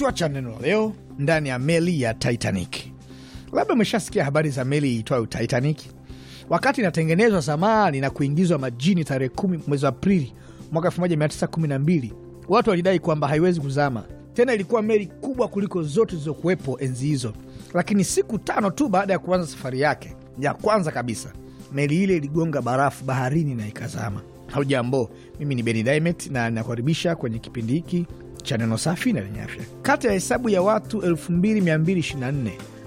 Kichwa cha neno leo, ndani ya meli ya Titanic. Labda umeshasikia habari za meli iitwayo Titanic. Wakati inatengenezwa zamani na kuingizwa majini tarehe kumi mwezi Aprili mwaka 1912 watu walidai kwamba haiwezi kuzama tena. Ilikuwa meli kubwa kuliko zote zilizokuwepo enzi hizo, lakini siku tano tu baada ya kuanza safari yake ya kwanza kabisa, meli ile iligonga barafu baharini na ikazama. Hujambo, mimi ni Beni Dimet na nakukaribisha kwenye kipindi hiki cha neno safi na lenye afya. Kati ya hesabu ya watu 2224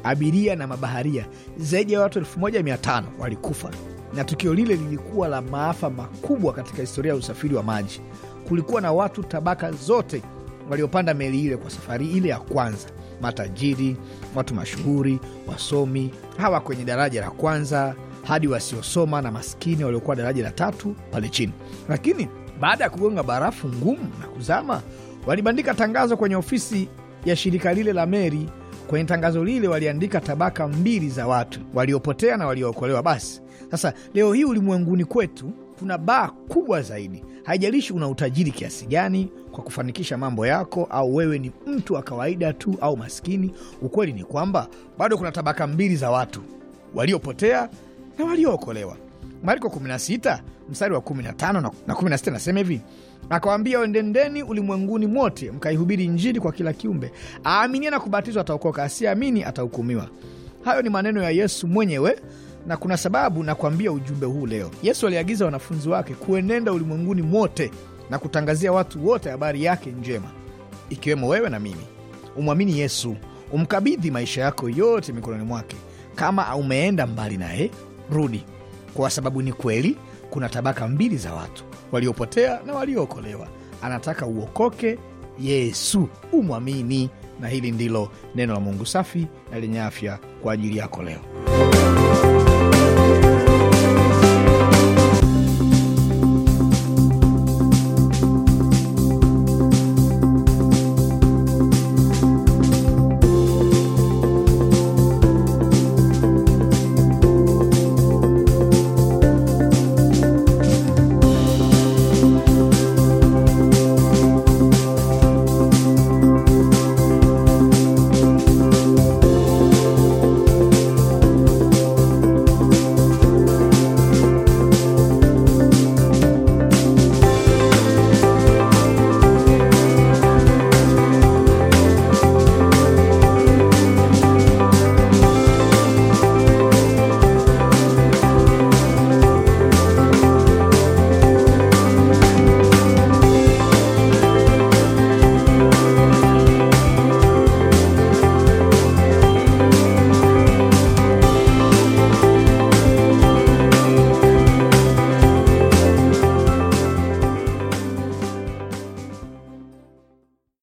abiria na mabaharia, zaidi ya watu 1500 walikufa, na tukio lile lilikuwa la maafa makubwa katika historia ya usafiri wa maji. Kulikuwa na watu tabaka zote waliopanda meli ile kwa safari ile ya kwanza: matajiri, watu mashuhuri, wasomi, hawa kwenye daraja la kwanza hadi wasiosoma na maskini waliokuwa daraja la tatu pale chini. Lakini baada ya kugonga barafu ngumu na kuzama, Walibandika tangazo kwenye ofisi ya shirika lile la meli. Kwenye tangazo lile waliandika tabaka mbili za watu, waliopotea na waliookolewa. Basi sasa, leo hii ulimwenguni kwetu kuna baa kubwa zaidi. Haijalishi una utajiri kiasi gani kwa kufanikisha mambo yako, au wewe ni mtu wa kawaida tu au maskini, ukweli ni kwamba bado kuna tabaka mbili za watu, waliopotea na waliookolewa. Marko 16 mstari wa 15 na 16 nasema hivi Akawaambia, endendeni ulimwenguni mote mkaihubiri Injili kwa kila kiumbe. Aaminie na kubatizwa ataokoka, asiamini atahukumiwa. Hayo ni maneno ya Yesu mwenyewe, na kuna sababu na kuambia ujumbe huu leo. Yesu aliagiza wanafunzi wake kuenenda ulimwenguni mwote na kutangazia watu wote habari yake njema, ikiwemo wewe na mimi. Umwamini Yesu, umkabidhi maisha yako yote mikononi mwake. Kama umeenda mbali naye, rudi kwa sababu ni kweli kuna tabaka mbili za watu, waliopotea na waliookolewa. Anataka uokoke, Yesu umwamini, na hili ndilo neno la Mungu safi na lenye afya kwa ajili yako leo.